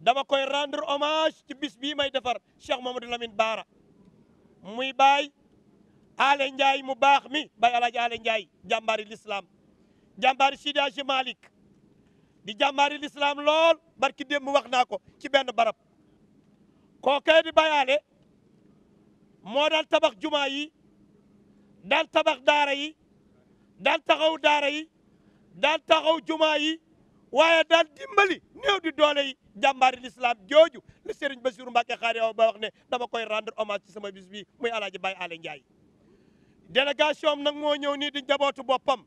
dama koy rendre hommage ci bis bii may defar Cheikh Mamadou Lamine Baara muy baay Aale Ndiaye mu baax mi bay Alaaji Aale Ndiaye jàmbaari l'islam jàmbaari Sidi Hadji di jàmbaari lislaam lool barki démb wax naa ko ci benn barab kookee di bay moo daan tabax jumaa yi daan tabax daara yi daan taxaw daara yi daan jumaa yi waaye daal dimbali néew di doole yi jàmbaari lislaam jooju li Serigne Bassirou Mbacké xaar ba wax ne dama koy rendre hommage ci sama bis bi muy Alaaji Baye Alé Ndiaye délégation am nag moo ñëw nii di njabootu boppam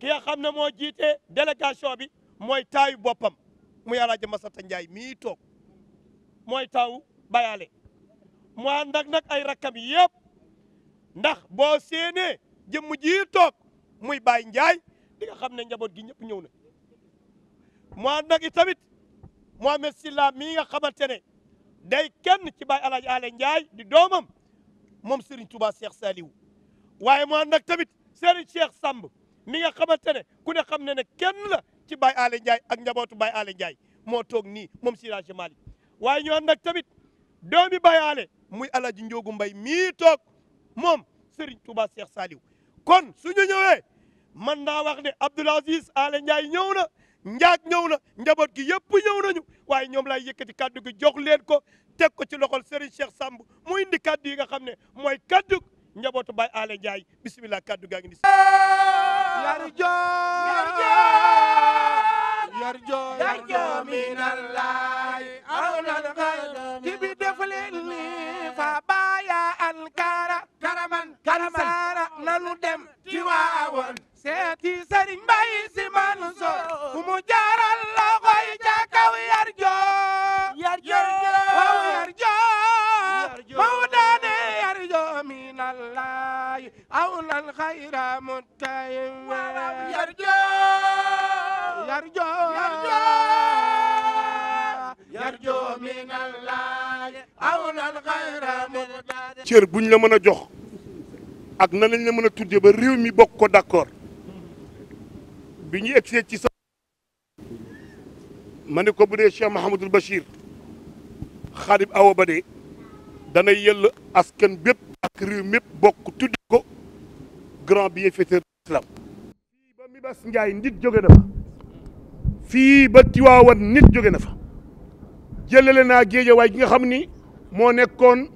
ki nga xam ne moo jiite délégation bi mooy taayu boppam muy Alaaji Masata Ndiaye mii toog mooy taawu Baye Alé mu ànd ak nag ay rakkam yëpp ndax boo séenee jëmm ji toog muy Baye Ndiaye di nga xam ne njaboot gi ñëpp ñëw na mu i tamit itamit Mohamed la mii nga xamante ne day kenn ci Baay Alaaji Ale Ndiaye di doomam moom Serigne Touba Cheikh Saliou waaye mu ànd ak tamit Serigne Cheikh Samb mi nga xamante ne ku ne xam ne ne kenn la ci Baay Ale Ndiaye ak njabootu Baay Ale Ndiaye moo toog nii moom Sirage Malick waaye ñu tamit doomi Baay muy Alaaji Njoogu Mbay mii toog moom Serigne Touba Cheikh kon suñu ñëwee man naa wax ne Abdoul Aziz Ale ñëw na njaag ñëw na njaboot gi yëpp ñëw nañu waaye ñoom lay yëkkati kàddu gi jox leen ko teg ko ci loxol Serigne Cheikh Samb mu indi kàddu yi nga xam ne mooy kàddu njabootu Baye Alé Ndiaye bisimilah kàddu gaa ngi ni yarjo yarjo yarjo minallahi awlal qalbi bi def leen ni fa baaya ankara karaman seeti sëriñ mbay si Mansour ku mu jaaral loxo yi ca kaw yar joo daane yar min allahi aw lal xayra muttayim yar joo yar joo yar min allahi aw lal xayra muttayim cër buñ la mën a jox ak na lañ la mën a tudde ba réew mi bokk ko bi ñu egsee ci sa ma ne ko bu dee Cheikh Mahamadul Bachir xaalib awa ba de danay yëll askan bépp ak réew mépp bokk tudd ko grand bienfaiteur de fii ba Mibas Njaay nit joge na fa fii ba Tiwaawan nit joge na fa jëlale naa géejawaay gi nga xam ni moo nekkoon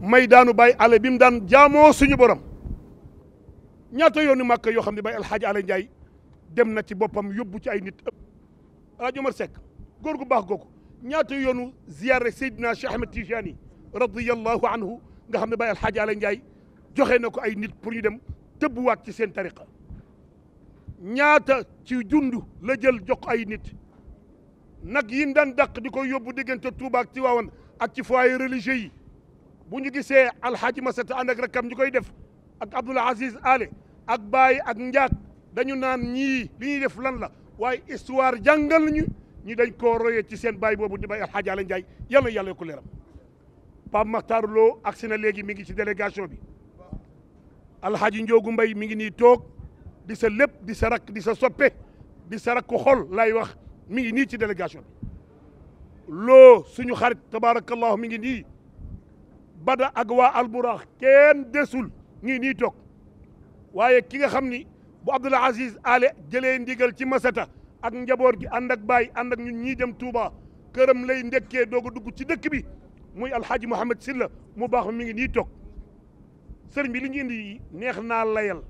may daanu bàyyi ale bi mu daan jaamoo suñu borom ñaata yoonu màkk yoo xam ne bàyyi alxaaji ale njaay dem na ci boppam yóbbu ci ay nit ëpp alaaj Omar Seck góor gu baax googu ñaata yoonu ziyaare Seydina Cheikh Ahmed Tijani radiyallahu anhu nga xam ne Baye Alxaaji Ala Njaay joxe na ko ay nit pour ñu dem tëbbuwaat ci seen tariqa ñaata ci dund la jël jox ay nit nag yi daan dàq di koy yóbbu diggante Touba ci Tiwaawan ak ci foyer religieux yi bu ñu gisee alxaaji Masata ànd ak rakkam ñu koy def ak Abdoul Aziz Ale ak baay ak Ndiak dañu naan ñii li ñuy def lan la waaye histoire jàngal ñu ñi dañ koo ci seen baay boobu di bay alxaaji Ala Njaay yàlla yàlla ko leeram Pape Makhtar Lo agsi na léegi mi ngi ci délégation bi alxaaji Njoogu Mbay mi ngi nii toog di sa lépp di sa rak di sa soppe di sa rak xol laay wax mi ngi nii ci délégation bi loo suñu xarit tabaarakallahu mi ngi nii bada ak waa alburaax kenn desul ñii nii toog waaye ki nga xam ni bu Abdoul Aziz ale jële ndigal ci masata ak njaboot gi ànd ak baay ànd ak ñun ñii dem Touba këram lay ndekkee doog a dugg ci dëkk bi muy alxaaji Mouhamed Sylla mu baax mi ngi nii toog sëriñ bi li neex naa layal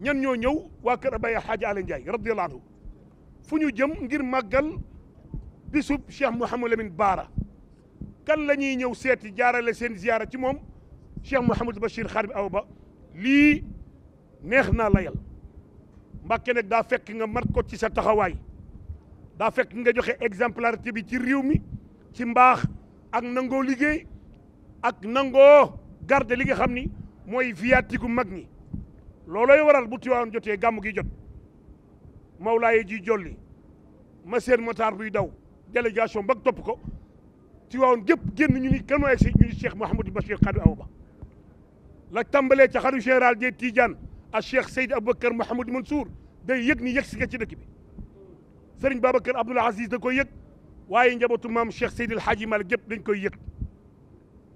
ñan ñoo ñëw waa kër Baye alxaaji Ale Ndiaye radiyallahu anhu fu ñu jëm ngir màggal bisub Cheikh Mouhamadou Lamine Baara kan la ñëw seeti jaarale seen ziyaara ci moom Cheikh Mouhamadou Bachir Xarim Awa Ba lii neex naa layal Mbàkke nag daa fekk nga mat ko ci sa taxawaay daa fekk nga joxe exemplarité bi ci réew mi ci mbaax ak nangoo liggéey ak nangoo garde li nga xam ni mooy viatigu mag ñi loolooy waral bu Tiwaawan jotee gàmmu gi jot Mawlaaye ji jolli ma seen motaar buy daw délégation mbak topp ko Tiwaawan gépp génn ñu ni kan mooy si ñu ni Cheikh Mouhamadou Bachir Khadou Awa Ba la tàmbalee ca xaru général des Tidiane a Cheikh Seyd Aboubacar Mouhamed Mansour day yëg ni yëg si nga ci dëkk bi Serigne Babacar Abdoul Aziz da koy yëg waaye njabootu maam Cheikh Seyd El Hadji Malick yëpp dañ koy yëg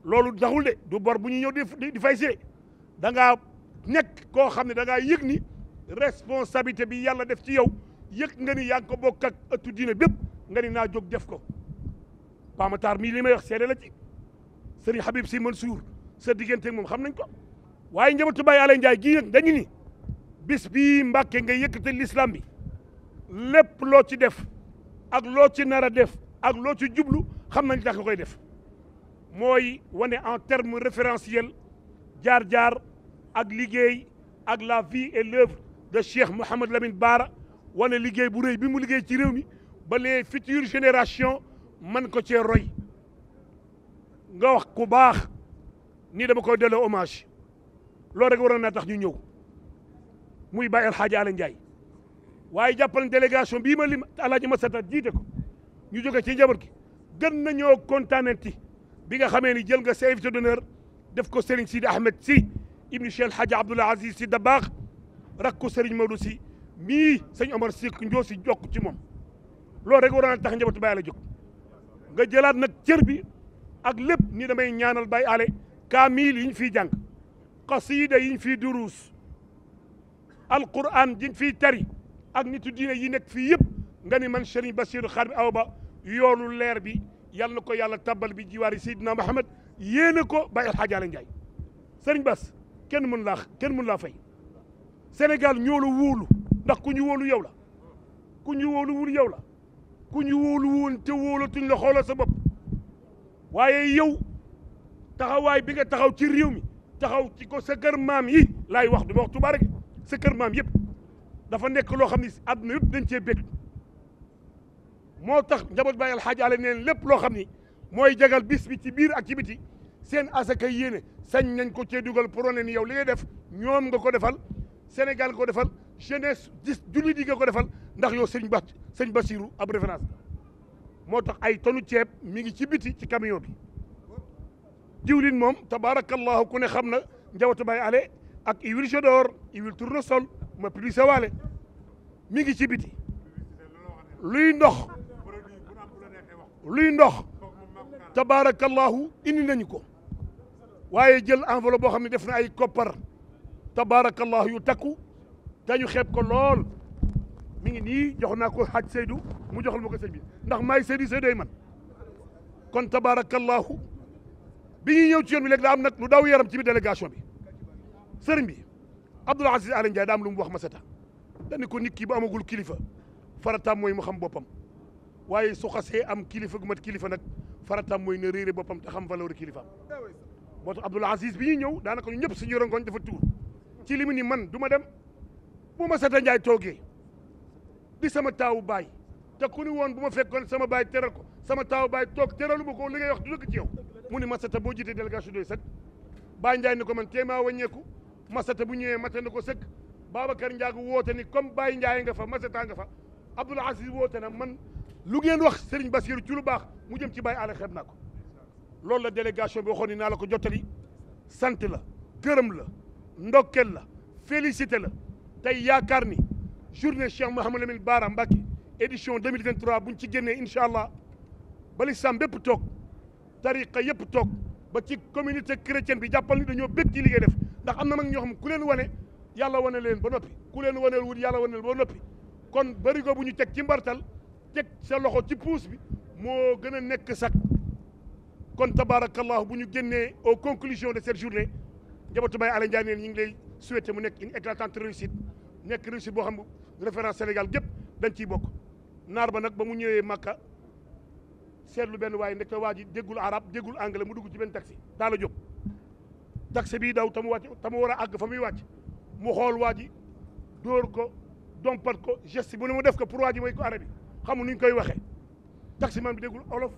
loolu taxul de du bor bu ñu ñëw di di fay see da ngaa nekk koo xam ne da ngaa yëg ni responsabilité bi yàlla def ci yow yëg nga ni yaa ngi ko bokk ak ëttu diine bépp nga ni naa jóg def ko Pamataar mii li may wax seede la ci Serigne Habib Sy Mansour sa diggante moom xam nañ ko waaye njabootu Baye Alaye Ndiaye gii nag dañu ni bis bii Mbàkke nga yëkkate l'islam bi lépp loo ci def ak loo ci nar a def ak loo ci jublu xam nañ tax nga koy def mooy wane en terme référentiel jaar-jaar ak liggéey ak la vie et l'œuvre de Cheikh Mouhamed Lamine Bara wane liggéey bu rëy bi mu liggéey ci réew mi ba les génération générations man ko cee roy nga wax ku baax ni dama koy delloo hommage loolu rek waroon naa tax ñu ñëw muy bàyyi alxaaji Ala Ndiaye waaye jàppal délégation bii ma lim alaaji Masata jiite ko ñu joge ci njaboot gi gën nañoo kontaananti bi nga xamee ni jël nga sa invité d'honneur def ko Serigne Sidi Ahmed si ibnu Cheikh Alxaaji Abdoulaye Aziz si Dabaax rak ko Serigne Maodo si mii sëñ Omar si njoo si jokk ci moom loolu rek waroon naa tax njabootu Baye jog jóg nga jëlaat nag cër bi ak lépp ni damay ñaanal Baye Ale kaamil yi ñu fiy jàng qasida yiñ fii duruus alquran jiñ fii tari ak nitu diine yi nekk fii yëpp nga ni man Serigne Bassirou Khady Awa Ba yoolu leer bi yal na ko yàlla tabbal bi jiwaari Seydina Muhammad yéene ko ba El Hadj Alioune Ndiaye Serigne kenn mën laa kenn mën laa fay senegal ñoo la ndax ku ñu wóolu yow la ku ñu wóolu wul yow la ku ñu wóolu woon te wóolatuñ la xoolal sa bopp waaye yow taxawaay bi nga taxaw ci réew mi. taxaw ci ko sa kër maam yi laay wax du ma wax Tuubaa sa kër maam yëpp dafa nekk loo xam ne si àdduna yëpp dañ cee bég moo tax njaboot Baay Alxaaji Ale neen lépp loo xam ni mooy jagal bis bi ci biir ak ci biti seen asaka yéene sañ nañ ko cee dugal pour ne ni yow li ngay def ñoom nga ko defal Sénégal nga ko defal jeunesse gis jullit yi nga ko defal ndax yow sëñ Ba sëñ Basiru ab référence moo tax ay tonu ceeb mi ngi ci biti ci camion bi diwlin moom tabaarakallaahu ku ne xam na njawatu bay ale ak huile jodor huile tournesol ma publicé waale mi ngi ci biti luy ndox luy ndox tabaarakallaahu indi nañu ko waaye jël enveloppe boo xam ne def na ay koppar tabaarakallaahu yu takku dañu xeeb ko lool mi ngi nii jox naa ko xaaj Seydou mu jox ma ko sëñ bi ndax maay Seydou Seydou man kon tabaarakallaahu bi ñuy ñëw ci yoon bi léegi daa am nag lu daw yaram ci biir délégation bi sëriñ bi Abdoul Aziz Al Ndiaye daa am lu mu wax Masata dañu ko nit ki ba amagul kilifa farataam mooy mu xam boppam waaye su xasee am kilifa gu mat kilifa nag farataam mooy na réere boppam te xam valeur kilifa moo tax Abdoul Aziz bi ñuy ñëw daanaka ñu ñëpp suñu rongoñ dafa tuur ci li mu ni man du ma dem bu Masata Ndiaye toogee di sama taawu baay te ku woon bu ma fekkoon sama baay teral ko sama taawu baay toog teralu ma ko ngay wax du ci yow mu ni Massata boo jiitee délégation doy sëkk Baye Ndiaye ni ko man téemaa wàññeeku Massata bu ñëwee mate na ko sëkk Babacar Ndiago woote ni comme Baye Ndiaye nga fa Massata nga fa Abdoul Aziz woote na man lu ngeen wax sëriñ Bassirou ci lu baax mu jëm ci Baye Alla xeeb ko loolu la délégation bi waxoon ni naa la ko jottali sant la gërëm la ndokkel la félicité la tey yaakaar ni journée Cheikh Mouhamadou Lamine Bara Mbacké édition 2023 buñ ci génnee incha allah bali sam bépp toog tariqa yëpp toog ba ci communauté chrétienne bi jàppal ni ñoo bëgg ci liggéey def ndax am na nag ñoo xam ku leen wane yàlla wane leen ba noppi ku leen waneel wut yàlla waneel ba noppi kon barigo bu ñu teg ci mbartal teg sa loxo ci puus bi moo gën a nekk sax kon tabarakallahu bu ñu génnee aux conclusions de cette journée njabootu Baye Alé Ndiaye neen ñu ngi lay souhaiter mu nekk une éclatante réussite nekk réussite boo xam référence Sénégal gépp dañ ciy bokk naar ba nag ba mu ñëwee Makka seetlu benn waaye ndekte waa ji déggul arab déggul anglais mu dugg ci benn taxi daal a jóg taxi bii daw tamu wàcc tamu war a àgg fa muy wàcc mu xool waa ji dóor ko dompat ko geste bu ne mu def ko pour waa ji way ko arabi xamul nuñ koy waxee taxi man bi déggul olof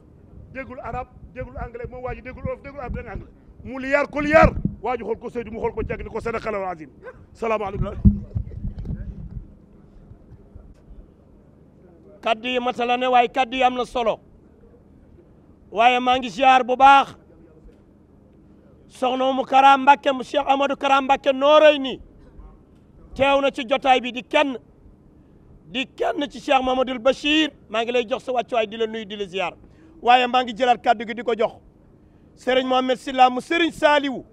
déggul arab déggul anglais moom waa ji déggul olof déggul arab déggul anglais mu liyaar ko liyaar waa ji ko Seydou mu xool ko jag ni ko sadaqal azim salaamaaleykum kaddu yi matala ne waaye kaddu yi am na solo waaye maa ngi ziar bu baax soxna mu Kara Mbàkke mu Cheikh Amadou Kara Mbàkke nooray ni teew na ci jotaay bi di kenn di kenn ci Cheikh Mamadou Bachir maa ngi lay jox sa wàccuwaay di la nuyu di la waaye maa ngi jëlaat kàddu gi di ko jox Serigne Mohamed Silla mu Serigne Saliou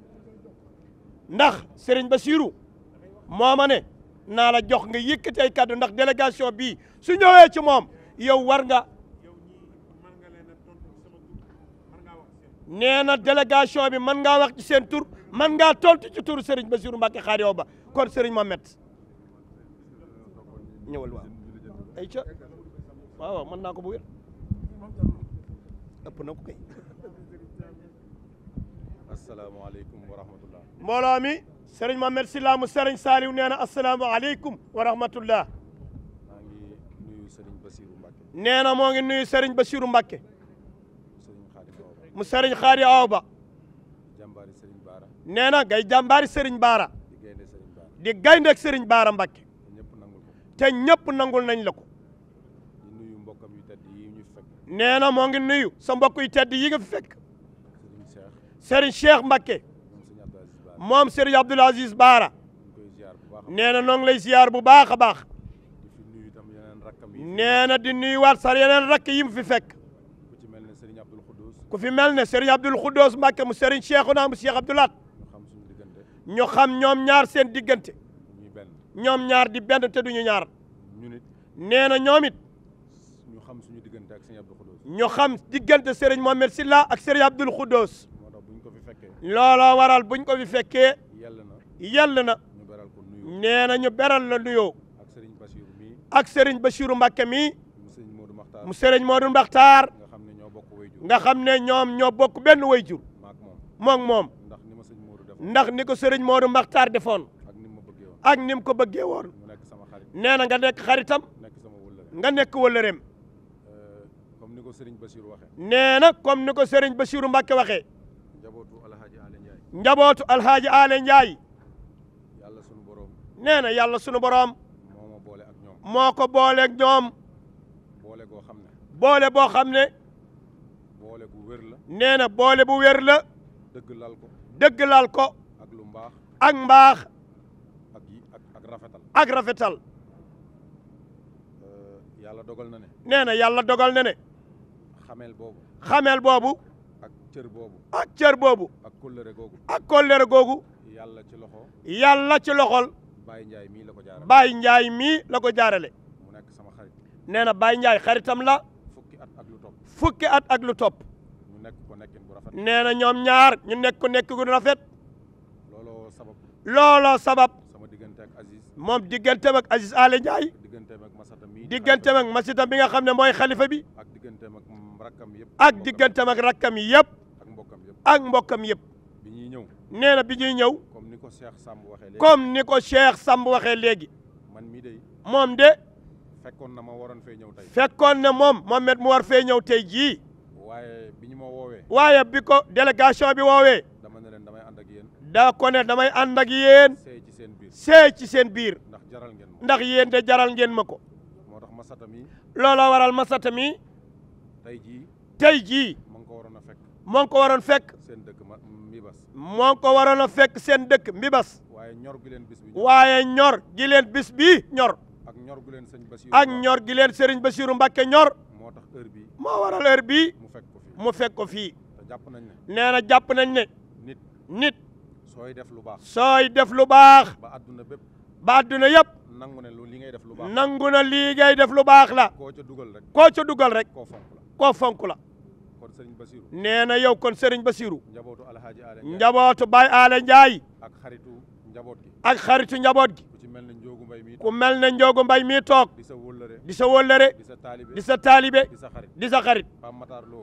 ndax Serigne Bassirou moo ma ne naa la jox nga yëkkati ay kàddu ndax délégation bii su ñëwee ci moom yow war nga nee na délégation man mën ngaa wax ci seen tur mën ngaa tontu ci turu Serigne Bassirou Mbacké Ba kon Serigne Mohamed ñëwal waaw ay ca naa ko bu wér ëpp na ko kay asalaamaaleykum wa rahmatullah mbooloo mi Serigne Mohamed Sylla mu Serigne Saliou nee na asalaamaaleykum wa rahmatullah moo ngi nuyu Serigne Bassirou Mbacké mu sëriñ xaari aw ba nee na ngay jàmbaari sëriñ baara di gayndeeg sëriñ baara Mbàkke te ñëpp nangul nañ la ko nee na moo ngi nuyu sa mbokk yu tedd yi nga fi fekk sëriñ Cheikh Mbàkke moom sëriñ Abdoul Baara nee na noo ngi lay ziyaar bu baax a baax nee na di nuyuwaat sa yeneen rakk yi mu fi fekk ku fi mel ne Serigne Abdoul Khoudous Mbacke mu Serigne Cheikhouna mu Cheikh Abdoul Ahad ñu xam ñoom ñaar seen diggante ñoom ñaar di benn te duñu ñaar nee na ñoom ñu xam suñu diggante ak Serigne Abdoul Khoudous ñu xam diggante Serigne Mohamed Silla ak Serigne Abdoul Khoudous looloo waral buñ ko fi fekkee yell na nee na ñu beral la nuyoo ak Serigne Bassirou Mbacke mii mu Serigne Modou Makhtar nga xam ne ñoom ñoo bokk benn way jur moom moom ndax ni ko sëriñ Modou Maxtaar defoon ak ni mu ko bëggee woon nee na nga nekk xaritam nga nekk wëllëreem euh, nee na comme ni ko sëriñ Basiru Mbàkke waxee njabootu alxaaji Aale Njaay nee na yàlla sunu boroom moo ko booleeg ñoom xam ne boole boo xam ne nee na boole bu wér la. dëgg lal ko dëgg lal ko. ak lu mbaax ak mbaax. ak ak rafetal ak rafetal. Euh, yàlla dogal na ne. nee na yàlla dogal na ne. xamel boobu. xamel boobu. ak cër boobu. ak cër boobu. ak kóllëre googu. ak kóllëre googu. yàlla ci loxo. yàlla ci loxol. Baye njaay mii la ko jaarale. Baye Ndiaye mii la ko jaarale. mu nekk sama xarit. nee na Baye Ndiaye xaritam la. fukki at ak lu topp. fukki at ak lu topp. nee na ñoom ñaar ñu nekk ko nekk gu rafet. looloo sabab. looloo sabab. moom digganteem ak Aziz Aly Ndiaye. digganteem ak Masata bi nga xam ne mooy xalifa bi. ak digganteem ak rakkam yëpp. ak digganteem ak rakkam yëpp. ak mbokkam yëpp. ak mbokkam yëpp. bi ñuy ñëw. nee na bi ñuy ñëw. comme ni ko Cheikh Samb waxee léegi. comme ni ko Cheikh Samb waxee léegi. man mii de. moom de. fekkoon na ma waroon fee ñëw tey. fekkoon na moom met mu war fee ñëw tey jii. waaye. waaye bi ko délégation bi woowee. dama ne leen damay ànd ak yéen. daa ko ne damay ànd ak yéen. seey ci seen biir seey ci seen biir. ndax jaral ngeen ma yéen de jaral ngeen ma ko. moo tax masata mi. looloo waral masata mi. tey jii. tey jii. moo ngi ko waroon a fekk. moo ko waroon fekk. seen dëkk Mbibas. moo ngi ko waroon a fekk seen dëkk Mbibas. waaye ñor gi leen bis waaye ñor gi leen bi ñor. ak ñor gi leen sëñ Basiru. ak ñor leen sëriñ Basiru Mbàkke ñor. moo tax heure bii. moo waral heure bii. mu fekk ko fii. jàpp nañ ne nee na jàpp nañ ne. nit nit. sooy def lu baax sooy def lu baax. ba àdduna bépp ba àdduna yëpp. nangu na li ngay def lu baax nangu na lii ngay def lu baax la. ko ca dugal rek koo ca dugal rek. koo fonk fonk la. kon Serigne Bassirou. nee na yow kon Serigne Bassirou. njabootu Alhaji Aale Ndiaye njabootu Baye Aale Ndiaye. ak xaritu njaboot gi. ak xaritu njaboot gi. mel ne Njoogu Mbay mi ku mel ne Njoogu Mbay mi toog di sa wóllëre di sa wóllëre di sa taalibe di sa xarit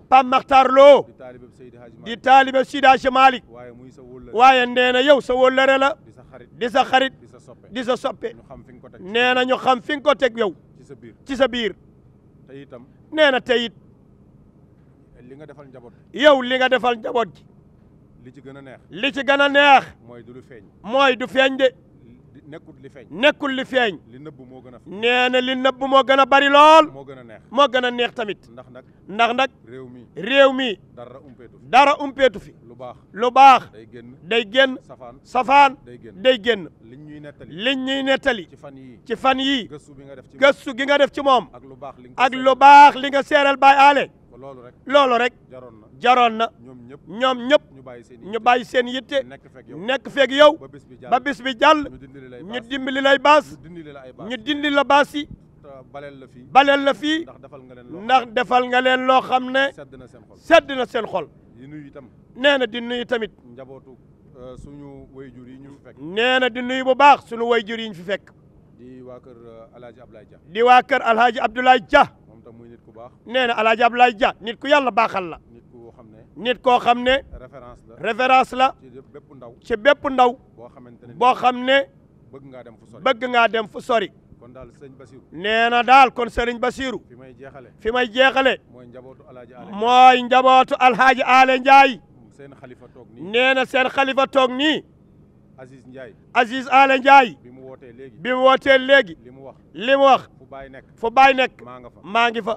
Pape Makhtar Lo di taalibe Seydi Hadji Malick waaye nee na yow sa wóllëre la di sa xarit di sa soppe nee na ñu xam fi nga ko teg yow ci sa biir nee na tey li nga defal njaboot yow li nga defal njaboot gi li ci gën a neex li ci gën a neex mooy du feeñ mooy du feeñ de nekkul li feeñ nekkul li feeñ li nëbb moo gën a nee na li nëbb moo gën a bari lool moo gën a neex moo gën a neex tamit ndax nag ndax nag réew mi réew mi dara umpeetu fi dara umpeetu fi lu lu baax day génn day génn safaan safaan day génn day génn liñ ñuy nettali liñ ñuy nettali ci fan yii ci fan yii gëstu gi nga def ci moom ak lu baax li nga seeral baay aale loolu rek loolu rek jaroon na ñoom ñëpp ñu bàyyi seen yitte nekk feeg yow ba bis bi jàll ñu dimbali lay baas ñu dindi la baas yi baleel la fii ndax defal nga leen loo xam ne sedd na seen xol nee na di nuyu tamit euh, suñu wayjur yi ñu fi fek nee na di nuyu bu baax suñu wayjur yi ñu fi fekk. di waa kër El euh, Hadj Abdoulaye Dia. di waa kër El Hadj ku baax nee na Alaaji Dia nit ku yàlla baaxal la. nit koo xam ne. nit koo xam ne. référence la référence la. ci bépp ndaw ci bépp ndaw. boo xamante ne boo xam ne. bëgg ngaa dem fu sori bëgg ngaa dem fu sori. kon daal sëriñ Basiru. nee na daal kon sëriñ Basiru. fi may jeexale fi may jeexale. mooy njabootu Alaaji Ale. mooy njabootu Alaaji Ale seen xalifa toog nii nee seen xalifa toog nii. Aziz Ndiaye. Aziz Ale Ndiaye. bi mu wootee léegi bi léegi. li mu wax li baay nekk fa baay nekk maa ngi fa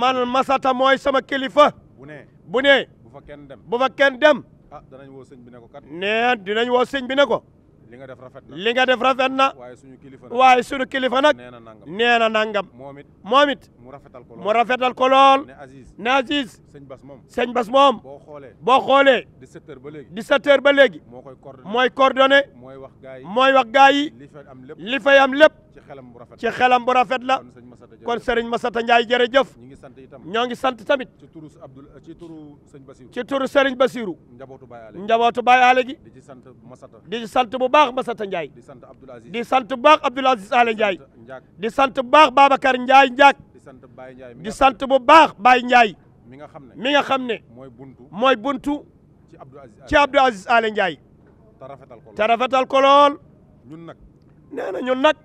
man masata mooy sama kilifa bu ne bu ne bu fa kenn dem bu fa kenn dem ah dinañ woo sëñ bi ne ko kat nee dinañ woo sëñ bi ne ko li nga def rafet na li nga def rafet na waaye suñu kilifa nag waaye suñu kilifa nee na nangam moom it moom it mu rafetal ko lool rafetal ko lool ne Aziz ne Aziz sëñ Bas moom sëñ Bas moom boo xoolee boo xoolee 17 heures ba léegi 17 heures ba léegi moo koy coordonné mooy coordonné mooy wax gaa yi mooy wax gaa yi li am lépp li am lépp ci xelam bu rafet ci xelam bu rafet la kon sëriñ Masata Ndiaye jërëjëf ñi ngi sant itam ñoo ngi sant tamit ci turu Abdou ci turu sëñ Basiru ci turu sëriñ Basiru njabootu Baye Ale gi di ci sant Masata bu baax baax Massata Ndiaye di sant Abdoul Aziz di sant baax Abdoul Aziz Alé Ndiaye di sant baax Babacar Ndiaye Ndiak di sant bu baax baay Ndiaye mi nga xam ne mi nga xam ne mooy buntu mooy buntu ci Abdoul Aziz Alé Ndiaye te rafetal ko lool ñun nag nee na ñun nag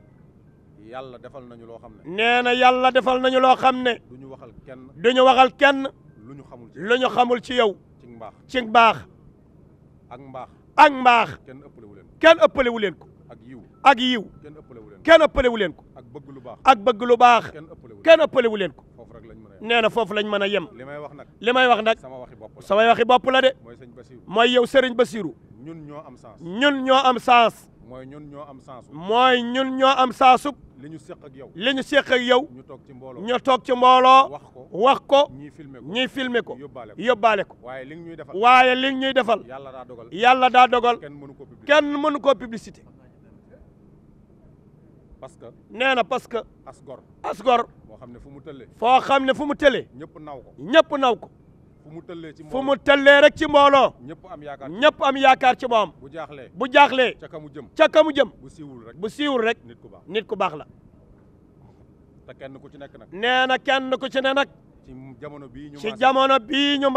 yàlla defal nañu loo xam ne nee na yàlla defal nañu loo xam ne duñu waxal kenn duñu waxal kenn lu ñu xamul ci yow ci mbaax ak mbaax ak mbaax kenn ëppale wu leen ko ak yiw kenn ëppale wu leen ko ak bëgg lu baax kenn ëppale wu leen ko nee na foofu lañ mën a yem li may wax nag samay waxi bopp la de mooy yow Serigne Bassirou ñun ñoo am sens. mooy ñun ñoo am saasu. mooy ñun ñoo am saasu. li ñu seq ak yow. li ñu seq ak yow. ñu toog ci mbooloo ñu toog ci mbooloo. wax ko wax ko. ñii filmer ko ñii ko. yóbbaale ko ko. waaye li ñuy defal waaye li ñuy defal. yàlla daa yàlla daa dogal. kenn mënu ko publicité kenn mënu ko publicité. parce que nee na parce que. as gor as xam ne fu mu tëlee. foo xam ne fu mu tëlee. ñëpp naw ko ñëpp naw ko. fu mu tëllee ci fu mu tëllee rek ci mbooloo. ñëpp am yakar ñëpp am yaakaar ci moom. bu jaaxlee bu jaaxlee. ca ka mu jëm ca ka jëm. bu siiwul rek bu siiwul rek. nit ku baax nit ku baax la. te kenn ku ci nekk nag. nee na kenn ku ci ne nag. ci jamono bii ñu. ci jamono bii ñu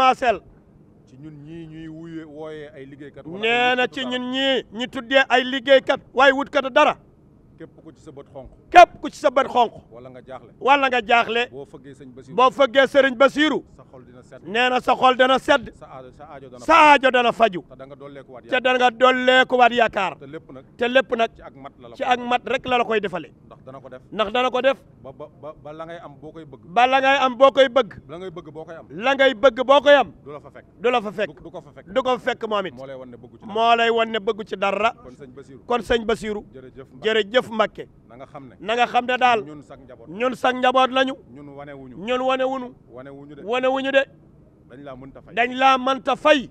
ci ñun ñii ñuy wuyee wooyee ay liggéeykat. nee na ci ñun ñii ñu tuddee ay liggéeykat waaye wutkatu dara. képp ku ci sa bët xonq képp ku ci sa bët xonq wala nga jaaxle wala nga jaaxle boo fëggee sëriñ Basiru boo fëggee sëriñ Basiru sa xol dina sedd nee na sa xol dana sedd sa aajo dana faju te da nga dolleeku waat yaakaar te lépp nag te lépp nag ci ak mat rek la la koy defale ndax dana ko def ndax dana ko def ba ba ba la ngay am boo koy bëgg ba la ngay am boo koy bëgg la ngay bëgg boo koy am la ngay bëgg boo koy am du la fa fekk du ko fa fek du ko fa fekk moom it moo lay wan ne bëggu ci dara kon sëñ Basiru kon sëñ Mbakke na nga xam ne na nga xam ne daal ñun sax njaboot ñun sax njaboot lañu ñun wane wuñu ñun wane wuñu wane wuñu de wane wuñu de dañ laa mënta fay dañ laa mënta fay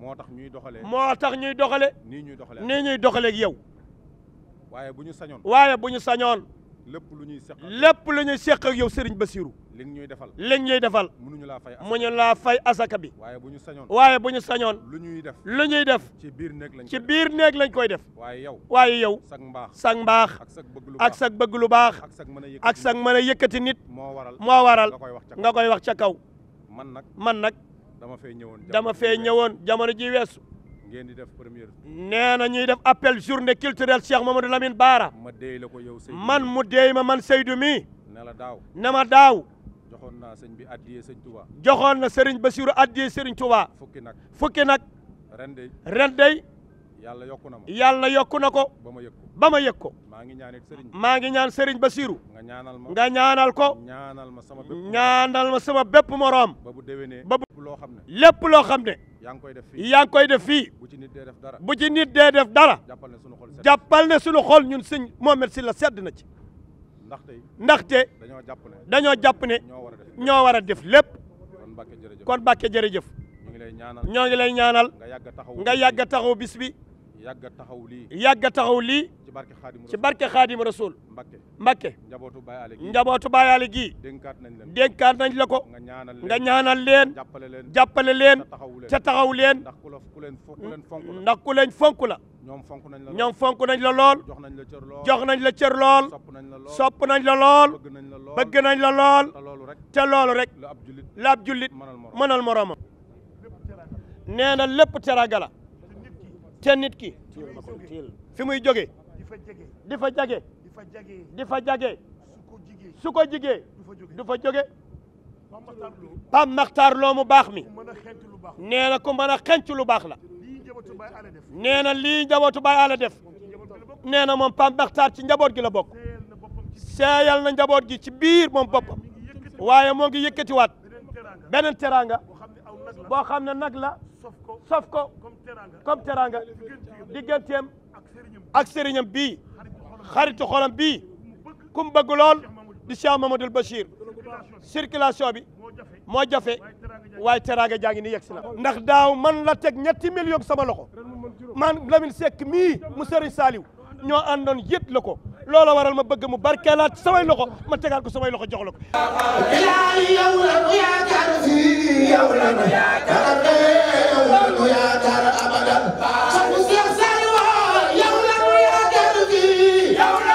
moo tax ñuy doxalee moo tax ñuy doxale nii ñuy doxalee nii ñuy doxaleeg yow waaye bu ñu sañoon waaye bu ñu sañoon lépp lu ñuy seq lépp lu ñuy seq ak yow Serigne Bassirou li ñuy defal li ñuy defal mënuñu laa fay mënuñu laa fay asaka bi waaye bu ñu sañoon waaye bu ñu sañoon lu ñuy def lu ñuy def ci biir néeg lañ ci biir néeg lañ koy def waaye yow waaye yow sag mbaax sag mbaax ak sag bëgg lu baax ak sag mën a yëkkati nit moo waral moo waral nga koy wax ca kaw man nag man nag dama fee ñëwoon dama fee ñëwoon jamono ji weesu ngeen di def première. nee na ñuy def appel journée culturelle Cheikh Mamadou Lamine Baara. ma déy la ko yow Seydou. man mu déy ma man Seydou mii. ne la daaw ne ma daaw. joxoon naa sëñ bi addiyee sëñ Touba. joxoon na sëriñ Bassirou addiyee sëriñ Touba. fukki nag fukki nag. ren dey ren dey. yàlla yokku na ma yàlla yokku na ko. ba ma yëg ba ma yëg ko. maa ngi ñaan sëriñ maa ngi ñaan sëriñ Bassirou. nga ñaanal ma nga ñaanal ko. ma sama bépp ñaanal ma sama bépp moroom. ba bu déwénee ba bu loo xam ne. lépp loo xam ne. yaa ngi koy def fii yaa ngi def fii. bu ci nit def dara bu ci nit dee dara. jàppal ne sunu xol sedd jàppal ne sunu ñun sëñ Mohamed Sylla sedd na ci. ndaxte dañoo jàpp ne ñoo war a def lépp kon Mbàkke jërëjëf ñoo ngi lay ñaanal nga yàgg taxaw bis bi yàgg a taxaw lii. yàgg a taxaw lii. ci barke xaadim rasul ci barke xaadim rasul. Mbakke Mbakke. njabootu bayaale gi njabootu bayaale gi. dénkaat nañ la ko dénkaat nañ la ko. nga ñaanal leen nga ñaanal leen. jàppale leen jàppale leen. te taxaw leen ndax ku leen fonk la ndax ku leen fonk la. ñoom fonk nañ la ñoom fonk nañ la lool. jox nañ la cër lool jox nañ la cër lool. sopp nañ la lool sopp nañ la lool. bëgg nañ la lool bëgg nañ la lool. te loolu rek te loolu rek. la ab jullit la ab jullit mënal moromam. nee na lépp teraanga la te nit ki fi muy jóge di fa jage difa fa jage su ko jigee du fa jóge Pape Makhtar Lo mu baax mi nee na ku mën a xenc lu baax la nee na lii njabootu Baye Alla def nee na moom Pape Makhtar ci njaboot gi la bokk seeyal na njaboot gi ci biir moom boppam waaye moo ngi yëkkatiwaat beneen teraanga boo xam ne nag la sof ko comme teranga digganteem ak sëriñam bii xaritu xolam bii ku mu bëgg lool di Cheikh Mamadou Bachir circulation bi moo jafe waaye teranga jaa ngi ni yegg si na ndax daaw man la teg ñetti million sama loxo man Lamine Seck mii mu sëriñ Saliou ñoo àndoon yët la ko loola waral ma bëgg mu barkeelaat samay loxo ma tegaat ko samay loxo jox la ko. Ilaali yow la nu yaakaar si yow la nu yaakaar yow la nu yaakaar abadan. Sëñ Cheikh Saliou yow la nu yaakaar si yow la.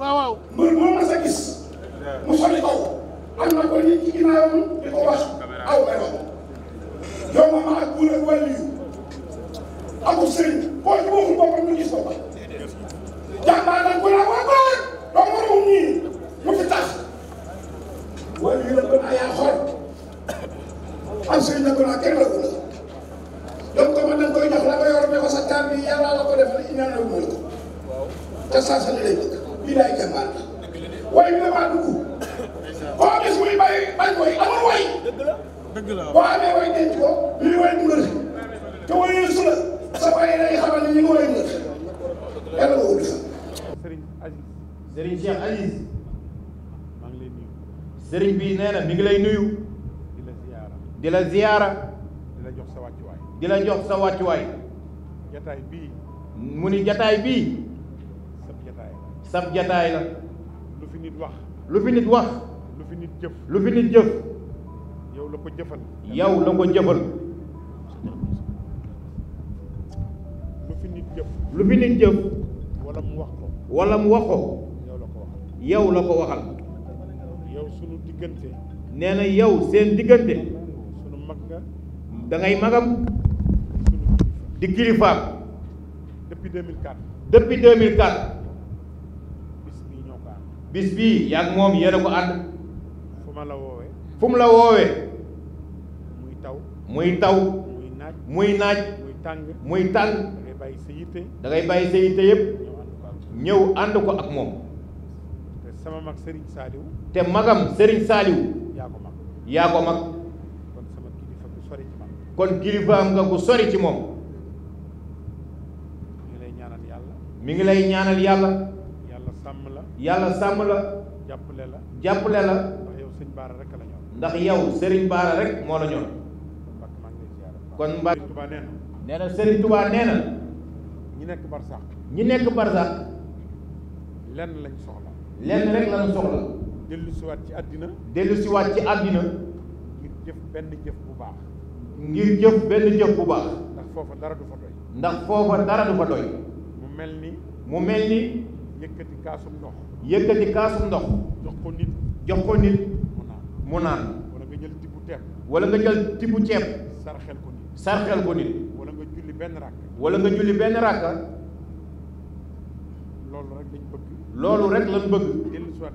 waaw waaw mbër moo mas a mu sori kaw am na ko nit ci ginnaawam di ko wax aw meloom. yow ma ma ak buur ak ngi lay nuyu. di la ziyaara. di la ziyaara. di la jox sa wàccuwaay. di la jox sa wàccuwaay. jataay bii. mu ni jataay bii. sab jataay la. jataay la. lu fi nit wax. lu fi nit jëf. lu fi nit jëf. yow la ko jëfal. yow la jëf. lu fi nit mu wax ko. wala mu wax la ko waxal. yow sunu diggante. nee na yow seen diggante da ngay magam di kilifaam depuis 2004 depuis 2004 bis bii yaag moom yéen a ko ànd fu ma la woowee fu mu la woowee muy taw muy taw muy naaj muy tàng muy tàng da ngay bàyyi sa yitte da ñëw ànd ko ak moom te sama mag Serigne Saliou te magam Serigne Saliou yaa ko mag yaa ko mag kon sama kilifa bu sori ci man kon kilifaam nga bu sori ci moom mi ngi lay ñaanal yàlla mi ngi lay ñaanal yàlla yàlla sàmm la yàlla sàmm la jàppale la jàppale la ndax yow sëriñ baara la ndax yow sëriñ baara rek moo la ñor kon Mbacke Touba nee na nee na Serigne Touba nekk barsax ñi nekk barsax lenn lañ soxla lenn rek lañ soxla dellu siwaat ci àddina dellu siwaat ci àddina ngir jëf benn jëf bu baax ngir jëf benn jëf bu baax ndax foofa dara du fa doy ndax foofa dara du fa doy mu mel ni mu mel ni yëkkati kaasu ndox yëkkati kaasum ndox jox ko nit jox ko nit mu naan mu naan wala nga jël tibu ceeb wala nga jël tibu ceeb sarxel ko nit sarxel ko nit wala nga julli benn rakk wala nga julli benn rakk loolu rek lañ bëgg loolu rek lañ bëgg dellu siwaat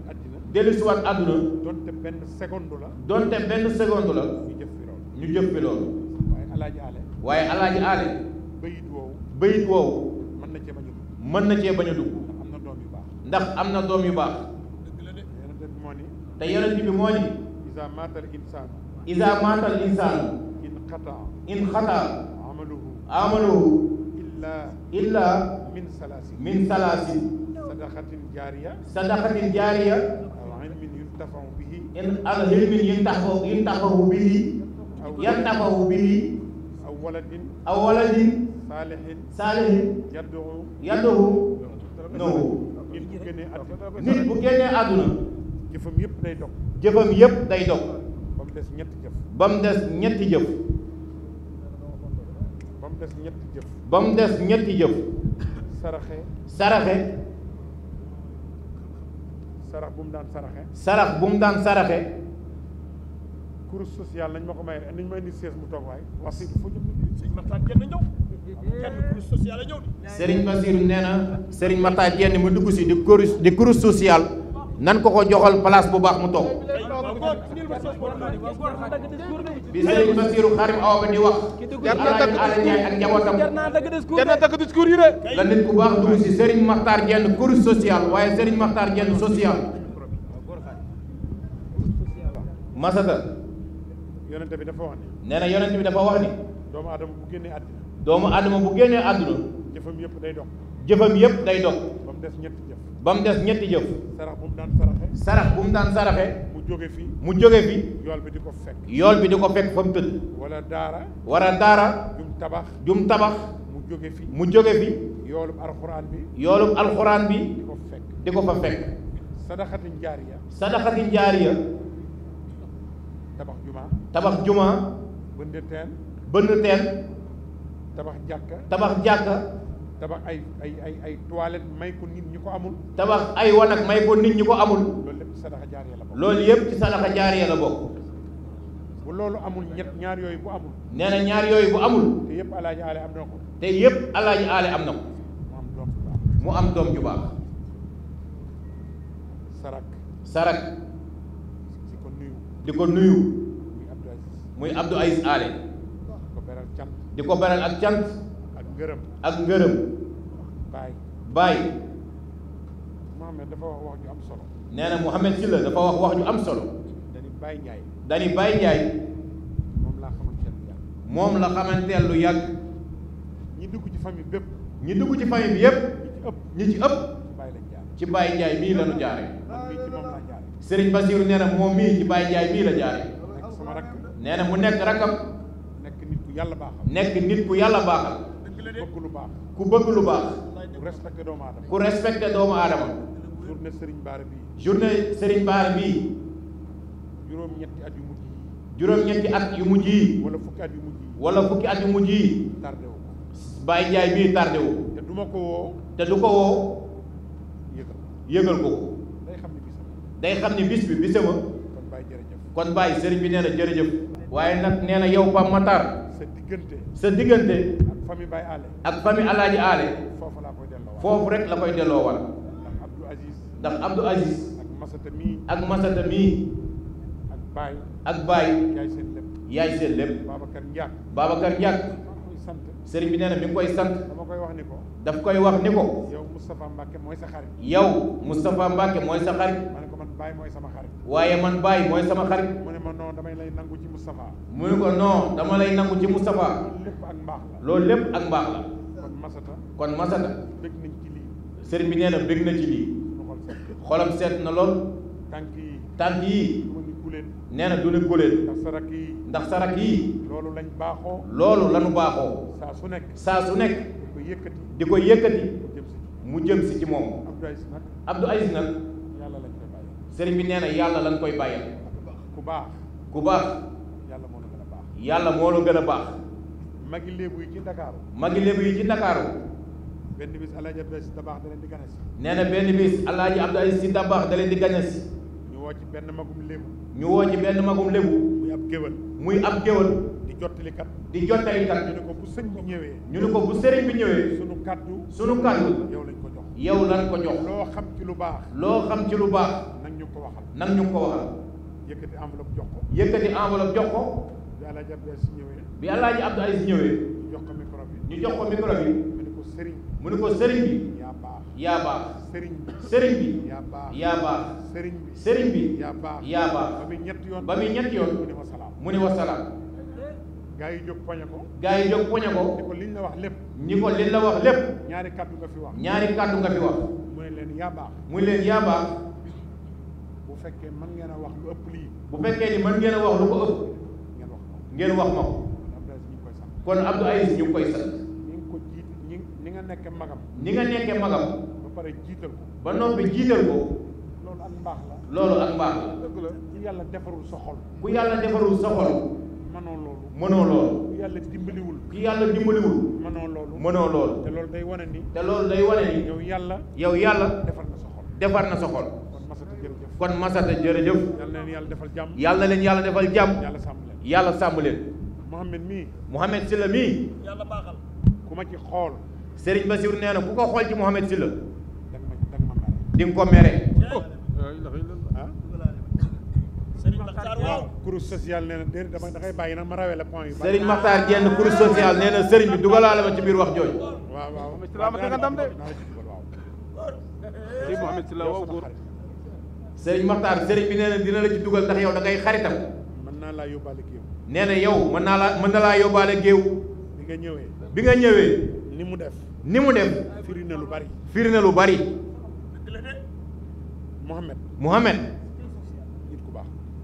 dellusiwaat àdduna donte benn seconde la donte benn seconde la ñu jëf fi loolu ñu jëf fi loolu waaye alaaji aale waaye alaaji aale bayit woowu bayit woowu mën na cee bañ a dugg mën na cee bañ a dugg am na doom yu baax ndax am na doom yu baax te yonent bi moo ni isa maatal insaan isa maatal insaan in xata in xata amaluhu amaluhu illa illa min salaasin min salaasin sadaqatin jaariya sadaqatin jaariya علم ينتفع به على علم ينتفع ينتفع به ينتفع yëpp day dog jëfam yëpp day dog ba mu des ñetti jëf ba mu des ñetti jëf ba mu des ñetti jëf ba mu des ñetti jëf saraxe sarax bu mu daan saraxe. sarax bu mu daan saraxe. course sociale nañ ma ko maye nañ ma indi siège mu toog waay wax si fu ñu ma taat jenn ñëw jenn course sociale ñëw di Serigne Bassirou nee na Serigne Matar jenn mu dugg si di course di course sociale nan ko ko joxal place bu baax mu toog bi Serigne Bassirou Karim Awa Ba di wax. jar na takk discours ak social waaye Serigne Makhtar Diène social. Masata. yonent bi dafa wax ni. nee na yonent bi dafa wax ni. doomu aadama bu génnee àdduna. doomu jëfam yëpp day dox. jëfam yëpp day dox. ba mu des ñetti jëf. des ñetti jëf. sarax bu sarax bu mu daan saraxe. mu jóge fi mu jóge fi yool bi di ko fekk yool bi di ko fekk fa mu tëdd wala daara wala daara jum tabax jum tabax mu jóge fi mu jóge fi yoolub alxuraan bi yoolub alxuraan bi di ko fekk di ko fa fekk sadaxati njaariya sadaxati njaariya tabax juma tabax juma bënd teen bënd teen tabax jàkka tabax jàkka tabax ay ay ay ay may ko nit ñi ko amul. tabax ay wanag may ko nit ñi ko amul. loolu yëpp ci sadaxa la bokk. loolu yëpp ci sadaxa jaariya la bu loolu amul ñett ñaar yooyu bu amul. nee na ñaar yooyu bu amul. te yëpp alaaji aale am na ko. te yëpp alaaji aale am na ko. mu am doom ju baax. sarak. sarak. di ko nuyu. di ko nuyu. muy Abdou Aziz aale. di ko beral ak cant. ak cant. ngërëm ak ngërëm baay baay Mohamed dafa wax wax ju am solo nee na Mohamed na dafa wax wax ju am solo dani Baay Njaay dani Baay Njaay moom laa xamanteel lu yàgg moom la xamanteel lu yàgg ñi dugg ci famille bépp ñi dugg ci famille bi yépp ñi ci ëpp ci Baay Njaay mii la ñu jaare Sëriñ Basiiru nee na moom mii ci Njaay mii la jaare nee na mu nekk rakam nekk nit ku yàlla baaxal bëgg lu baax ku bëgg lu baax ku respecté doomu aadama ku respecté doomu aadama journée Serigne Bara bii journée Serigne Bara bii juróom-ñetti at yu mujj yi juróom yu mujj wala fukki at yu mujj yi wala fukki at yu mujj yi bii tardé wu te du ko te du ko woo yëgal ko ko day xam ni bis bi bisama kon Baye jërëjëf bi nee na waaye nag nee na yow Pape Matar sa diggante. sa diggante. ak famille Baye Allé. ak famille Alaaji Allé. foofu laa koy delloo foofu rek la koy delloowal. ndax Abdou Aziz. ndax Abdou Aziz. ak Masata mii. ak Masata mii. ak Baye. ak Baye. yaay seen lépp. yaay seen lépp. Babacar bi nee na mi ngi koy sant. wax ni ko. daf koy wax ni ko. Moustapha Mbacke mooy sa xarit. yow Moustapha Mbacke mooy sa xarit. ma ne ko man Baye mooy sama xarit. waaye man Baye mooy sama xarit. mu ne ma non damay lay nangu ci Moustapha. mu ne ko non dama lay nangu ci Moustapha. loolu lépp ak mbaax la. loolu lépp ak mbaax la. kon Masata. kon Masata. bëgg nañ ci lii. sëriñ bi nee na bëgg na ci lii. xolam seet na lool. tànk yi tànk yi. nee na du ne góoleel. ndax sarak ndax sarak yi. loolu lañ baaxoo. loolu lañu baaxoo. saa su nekk saa su nekk. di ko yëkkati. di ko yëkkati. mu jëm si ci moom Abdou Aziz nag sëriñ bi nee yàlla lañ koy bàyyal ku baax ku baax yàlla moo la gën a baax magi léebu yi ci Ndakaaru magi léebu yi ci Ndakaaru benn bis alaaji Abdou Aziz Dabaax da leen di ganes nee na benn bis alaaji Abdou Aziz si Dabaax da leen di ganes ñu woo ci benn magum léebu ñu woo ci benn magum léebu muy ab géwël muy ab géwël jottalikat di jottalikat ñu ne bu sëñ bi ñëwee ñu ne ko bu sëriñ bi ñëwee sunu kaddu sunu kaddu yow lañ ko jox yow lañ ko jox loo xam ci lu baax loo xam ci lu baax nag ñu ko waxal nag ñu ko waxal yëkkati enveloppe jox ko yëkkati enveloppe jox ko bi alaaji Abdou Aziz ñëwee bi alaaji Abdou Aziz ñëwee ñu jox ko micro bi ñu jox ko micro bi mu ne ko sëriñ mu ko sëriñ bi yaa baax yaa baax sëriñ bi sëriñ bi yaa baax sëriñ bi sëriñ bi yaa baax ba muy ñetti yoon ba muy yoon mu ne wasalaam mu wasalaam gaa yi jóg poñe ko. gaa yi jóg poñe ko. ni ko liñ la wax lépp. ni ko liñ wax lépp. ñaari kàddu nga fi wax. ñaari kàddu nga fi wax. mu ne leen yaa baax. mu leen yaa baax. bu fekkee man ngeen a wax lu ëpp lii. bu fekkee ni mën ngeen wax lu ko ëpp. ngeen wax ma ko ngeen ni nga ko jiit ni nga nekkee magam. ni nga nekkee magam. ba pare jiital ko. ba noppi jiital ko. loolu ak mbaax la. loolu ak mbaax la. dëgg la ku yàlla defarul sa xol. ku yàlla defarul sa xol. mënoo loolu mënoo loolu yàlla dimbaliwul ki yàlla dimbaliwul mënoo loolu mënoo loolu te loolu day wane nii te loolu day wane yàlla yow yàlla defar na sa xol na sa xol kon masata jërëjëf kon masata jërëjëf yàlla leen yàlla defal jàmm yàlla leen yàlla defal jàmm yàlla sàmm leen yàlla sàmm leen Mouhamed mii Mouhamed Sylla mii baaxal ku ma ci xool Serigne Bassirou nee na ku ko xool ci Mouhamed Sylla di nga ko mere oh. Serigne Makhtar waaw course sociale nee na bàyyi nag ma rawee la point yi. Serigne Makhtar Diène course sociale nee na Serigne bi dugalaale ma ci biir wax jooju. waaw waaw waaw dëgg la la waaw. Serigne Makhtar Serigne bi nee na dina la ci dugal ndax yow da ngay xaritam. mën naa laa yóbbaale géew. nee na yow mën naa laa mën na laa yóbbaale géew. bi nga ñëwee. bi nga ñëwee. ni mu def. ni mu def. firi lu bari. firi lu bari. Mohamed. Mohamed.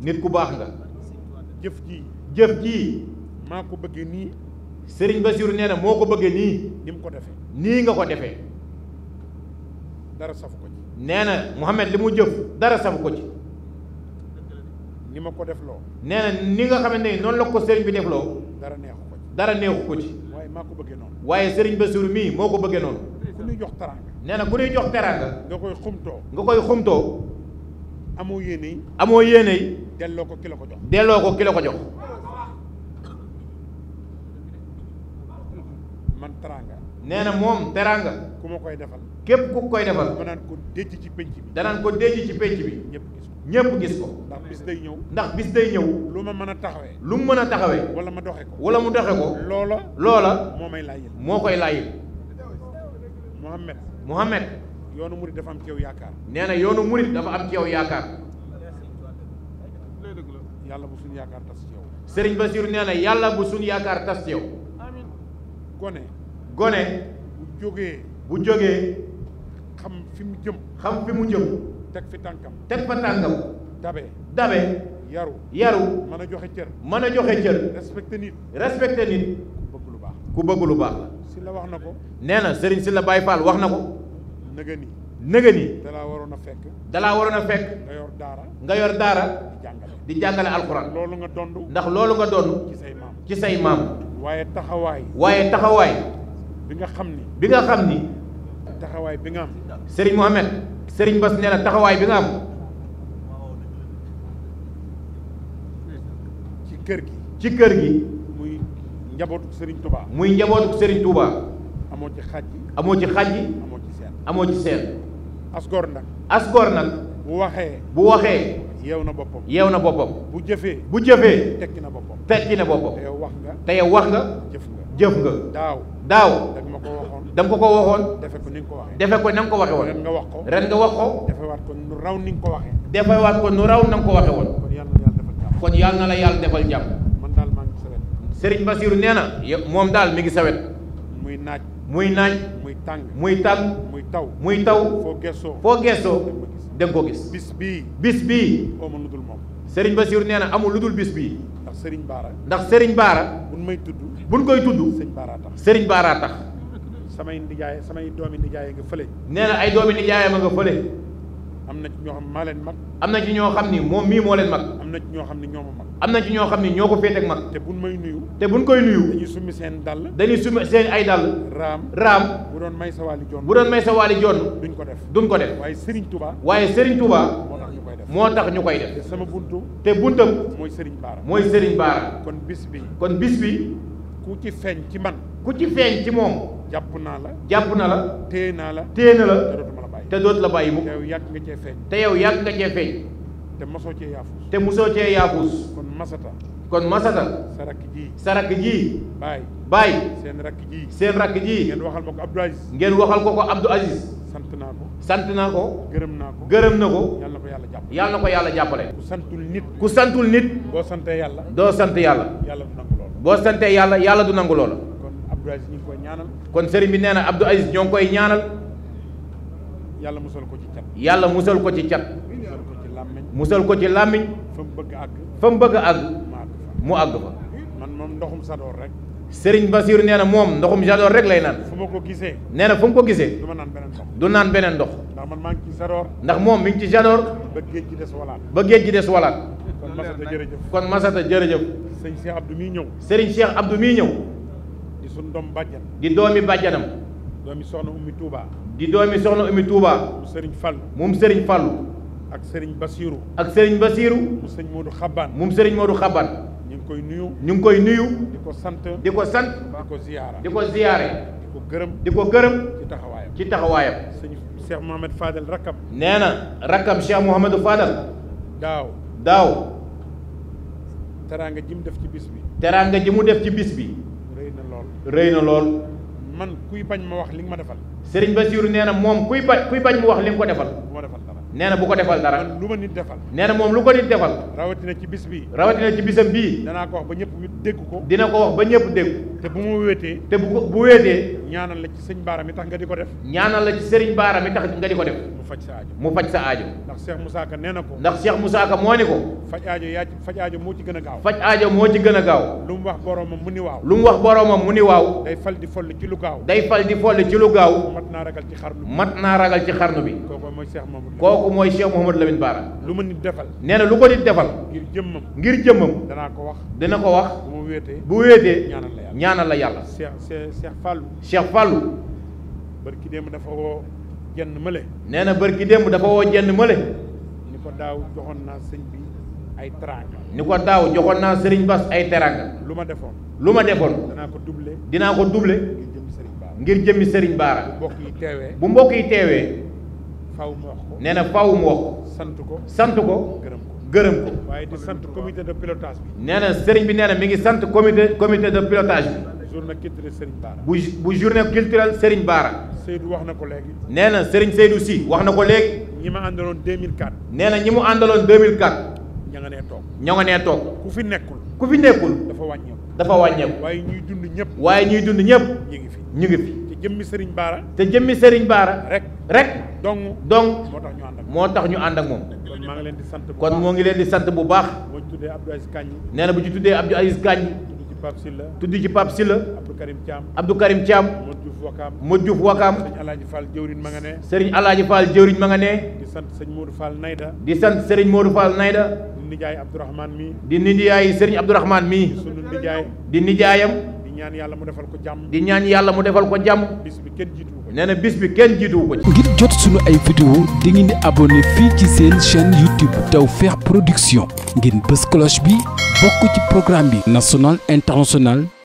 nit ku baax nga. jëf ji jëf ji. maa ko bëggee nii. Serigne Bassirou nee na moo ko bëggee nii. ni ko defee nii nga ko defee. dara safu ko nee na Mouhamed li mu jëf dara safu ko ci. ni ma ko def loo. nee na ni nga xamante ne noonu la ko Serigne bi def loo. dara neexu dara neexu ko ci. waaye maa ko bëggee noonu. waaye Serigne mii moo ko bëggee noonu. ku jox teraanga. nee na ku ñuy jox teraanga. nga koy xumtoo nga koy xumtoo. amoo yéene yi amoo yéene yi delloo ko kilo ko jox delloo ko kilo ko jox man nee na moom teraanga ku ma koy defal képp ku koy defal danaan ko déjj ci pénc bi danaan ko déjj ci pénc bi ñëpp gis ko ñëpp gis ko ndax bis day ñëw ndax bis day ñëw lu ma mën a taxawee lu mu mën a taxawee wala ma doxe wala mu doxe ko loola loola moo may moo koy laayil Mohamed Mohamed yoonu murit dafa am ci yaakaar. nee na yoonu murit dafa am ci yow yaakaar. yàlla bu suñu yaakaar tas ci yow. Serigne Bassirou nee na yàlla bu suñ yaakaar tas ci yow. gone. gone. bu jógee. bu jógee. xam fi mu jëm. xam fi mu jëm. teg fi tànkam. teg fa tànkam. dabe. dabe. yaru. yaru. mën a joxe cër. mën a joxe cër. respecté nit. respecté nit. ku bëgg lu baax. ku bëgg lu si la wax na ko. nee na Serigne si la Baye Fall wax na ko. nëga ni nëga dalaa waroon a fekk dalaa waroon a fekk nga yor daara di jàngale di jàngale alxuraan loolu ndax loolu nga dond ci say maam waaye taxawaay waaye taxawaay bi nga xam ni bi nga xam ni taxawaay bi nga am sëriñ Mohamed sëriñ Bass nee taxawaay bi nga am ci kër gi ci kër gi muy njabootu sëriñ Touba muy njabootu sëriñ Touba amoo ci xaj amoo ci xaj amoo ci seet. asgor nag. asgor nag. bu waxee. bu waxee. yeew na boppam yeew na boppam. bu jëfee bu jëfee. tekki na boppam tekki na boppam. te yow wax nga. te yow wax nga. jëf nga jëf nga. daaw daaw. ma ko waxoon da nga ko ko waxoon. defe ko ni ko waxee. defe ko na ko waxee woon. ren nga wax ko ren wax ko. defewaat ko nu raw ni ko waxee. defewaat ko nu raw na nga ko waxee woon. kon yàlla na la yàlla defal jàmm. man daal maa ngi sawet. Serigne Bassirou nee na. moom daal mi ngi sawet. muy naaj. muy naaj muy tàng muy tàng muy taw muy taw foo gestoo danga ko gis bis bii bis bii amul lu dul moom nee na amul lu dul bis bii ndax Serigne Baara ndax Serigne Baara buñ may tudd buñ koy tudd Serigne Baara tax Serigne Baara tax samay nijaay samay doomi nijaay nga fële nee na ay doomi nijaayam a nga fële am na ci ñoo xam maa leen mag. am na ci ñoo xam ni moom mii moo leen mag. am na ci ñoo xam ni ñoo ma am na ñoo xam ni ñoo ko féete ak mag. te buñ may nuyu. te buñ koy nuyu. dañuy summi seen dàll. dañuy summi seen ay dàll. raam raam. bu doon may sa waali joon bu doon may sa waali joon duñ ko def duñ ko def. waaye Serigne Touba. waaye Serigne Touba. moo tax ñu koy def. te sama buntu. te buntam. mooy Serigne Baara. mooy Serigne Baara. kon bis bi. kon bis bi. ku ci feeñ ci man. ku ci feeñ ci moom. jàpp naa la. jàpp na la. téye naa la. téye na la. te dootu la bàyyi mukk te yow yàgg nga cee feeñ te yow yàgg nga cee feeñ te mosoo cee yaafuus te mosoo cee yaafuus kon masata kon masata sarak ji sarak ji baay baay seen rakk ji seen rakk ji ngeen waxal ma ko Abdou Aziz ngeen waxal ko ko Abdou Aziz sant naa ko sant naa ko gërëm naa ko gërëm na ko yàlla na ko yàlla jàppale yàlla na ko yàlla jàppale ku santul nit ku santul nit boo santee yàlla doo sant yàlla yàlla du nangu loola boo santee yàlla yàlla du nangu loola kon sëriñ bi nee na Abdou ñoo koy ñaanal yàlla musal ko ci cat. yàlla musal ko ci cat. musal ko ci làmmiñ. musal ko ci fa mu bëgg àgg. fa mu bëgg àgg. mu àgg fa. man moom ndoxum sadoor rek. Serigne Bassirou nee na moom ndoxum sadoor rek lay naan. fu ma ko gisee. nee na fu mu ko gisee. du ma naan beneen ndox. du naan beneen ndax man maa ngi ci sadoor. ndax moom mi ngi ci sadoor. ba géej gi des walaat. ba géej gi des walaat. kon Masata jërëjëf. kon Masata jërëjëf. Serigne Cheikh Abdou mii ñëw. Serigne Cheikh Abdou mii ñëw. di suñu doom bàjjan. di doomi bàjjanam. doomi soxna ummi Touba. di doomi soxna Oumy Touba. Serigne Fallou moom sëriñ Fallou. ak Serigne Bassirou. ak sëriñ Bassirou. moom Serigne Modou Xaban. moom Serigne Modou Xaban. ñu ngi koy nuyu. ñu ngi koy nuyu. di ko sant. di ko sant. di ko ziyaara. di di ko gërëm. di ko gërëm. ci taxawaayam ci taxawaayam. sëñ Cheikh Mouhamed Fadel rakkam. nee na rakkam Cheikh Mouhamed Fadel. daaw daaw. teraanga ji mu def ci bis bi. teraanga ji mu def ci bis bi. rëy lool rëy na lool. man kuy bañ ma wax li nga ma defal. Serigne Bassirou nee na moom kuy bañ kuy bañ mu wax li nga ko defal. moo defal nee bu ko defal dara lu ma nit defal moom lu ko nit defal rawatina ci bis bii rawatina ci bisam bii danaa ko ba ñëpp dégg ko dina ko wax ba ñëpp dégg te bu mu wéetee te bu bu wéetee ñaanal la ci sëñ baara mi tax di ko def ñaanal la ci sëriñ baara mi tax nga ko def mu faj sa aajo mu faj sa aajo ndax Cheikh Moussa Ka nee na ko ndax Cheikh Moussa Ka moo ni ko faj aajo yaa ci faj moo ci gën a gaaw faj aajo moo ci gën a gaaw lu mu wax boroomam mu ni waaw lu mu wax boroomam mu ni waaw day fal di foll ci lu gaaw day fal di foll ci lu gaaw mat naa ragal ci xarnu mat naa ragal ci xarnu bi kooku mooy Cheikh Mamadou kooku mooy Cheikh Mouhamadou Lamine Bara. lu ma defal. nee na lu ko nit defal. ngir jëmmam ngir jëmmam. danaa ko wax dina ko wax. bu ma wéetee bu wéetee. ñaanal la yàlla ñaanal la yàlla. Cheikh Cheikh Fallou. Cheikh Fallou. barki démb nee na barki démb dafa woo jenn mële. ni ko daaw joxoon naa sëñ bi ay teraanga. ni daaw joxoon naa Serigne Bass ay teraanga. lu ma defoon. lu ma defoon. ko doublé. dinaa ko duble ngir jëmmi sëriñ Bara. bu mbokk bu mbokk yi teewee. faw mu wax ko nee ko. sant ko sant ko. gërëm ko gërëm ko. waaye di sant comité de pilotage bi. nee na sëriñ bi nee na mi ngi sant comité comité de pilotage bi. journée bu journée culturelle Serigne Bara. Seydou wax na ko léegi. nee na Serigne Seydou si wax na ko léegi. ñi ma àndaloon 2004. nee na ñi mu àndaloon 2004. ña nga nee toog ña nga nee toog. ku fi nekkul. ku fi nekkul. dafa wàññeeku. dafa wàññeeku. waaye ñuy dund ñëpp. waaye ñuy dund ñëpp. ñu ngi fi ñu ngi fi. te jëmmi Serigne Bara. te jëmmi Serigne Bara rek. rek. donc donc moo tax ñu ànd ak moom. kon maa ngi leen di sant bu baax moo ngi leen di sant bu baax. boo ci tuddee Abdou Aziz Kañ. nee na bu ci tuddee Abdou Aziz Kañ. tudd ci Pape Sylla. tudd ci Pape Sylla. Abdou Karim Thiam. Abdou Karim Thiam. Modou Diouf Wakaam. Modou Diouf Wakaam. Serigne Alaaji Fall jëwriñ ma nga ne. Serigne Alaaji Fall jëwriñ ma nga ne. di sant Serigne Modou Fall Nayda. di sant Serigne Modou Fall Nayda. di nijaay Abdourahmane mi. di nijaay Serigne Abdourahmane mi. di sunu nijaay. di nijaayam. di ñaan yàlla mu defal ko jàmm. di ñaan yàlla mu defal ko jàmm. bis bi kenn jiitu nee na bi kenn jiituwu ngir jot suñu ay vidéo di ngeen di abonné fii ci seen chaîne YouTube Tawfekh Production ngeen bës cloche bi bokk ci programme bi national international.